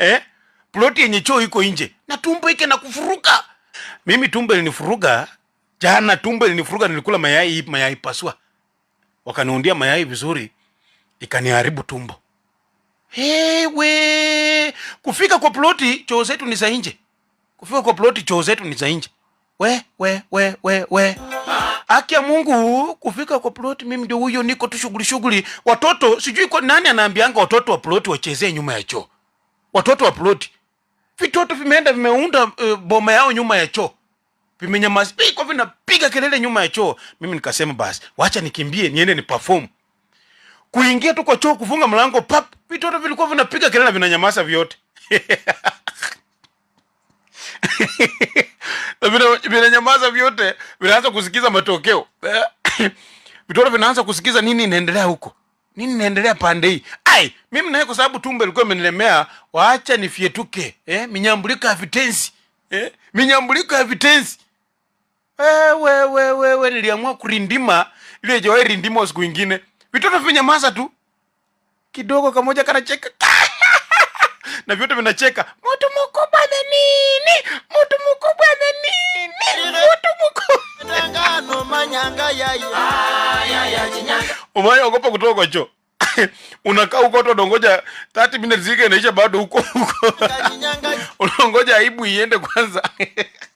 eh? Ploti yenye choo iko nje na tumbo ike na kufuruka. Mimi tumbo ilinifuruga jana, tumbo ilinifuruga, nilikula mayai mayai pasua, wakaniundia mayai vizuri, ikaniharibu tumbo. Hewe kufika kwa ploti choo zetu ni za nje, kufika kwa ploti choo zetu ni za nje. We we we we we, Aki ya Mungu, kufika kwa ploti. Mimi ndio huyo, niko tu shughuli shughuli, watoto sijui kwa nani anaambianga watoto wa ploti wachezee nyuma ya choo watoto wa ploti, vitoto vimeenda vimeunda uh, boma yao nyuma ya choo, vimenyamaza kwa vinapiga kelele nyuma ya choo. Mimi nikasema basi, wacha nikimbie niende ni perform. Kuingia tu kwa choo, kufunga mlango pap, vitoto vilikuwa vinapiga kelele na vinanyamaza vyote vinanyamaza vyote, vinaanza kusikiza matokeo vitoto vinaanza kusikiza nini inaendelea huko, nini inaendelea pande hii ai mimi naye kwa sababu tumbo ilikuwa imenilemea, waacha nifyetuke eh, minyambuliko ya vitenzi eh, minyambuliko ya vitenzi wewe eh, wewe wewe, niliamua kurindima ile jawahi rindima siku nyingine, vitoto vinyamaza tu kidogo, kamoja kanacheka na vyote vinacheka, mtu mkubwa ni nini, mtu mkubwa ni nini, mtu mkubwa Ndangano manyanga yaya ya ya chinyanga, umaye kutoka kwa choo unakaa huko tu unangoja 30 minutes zile inaisha, bado huko huko unaongoja aibu iende kwanza.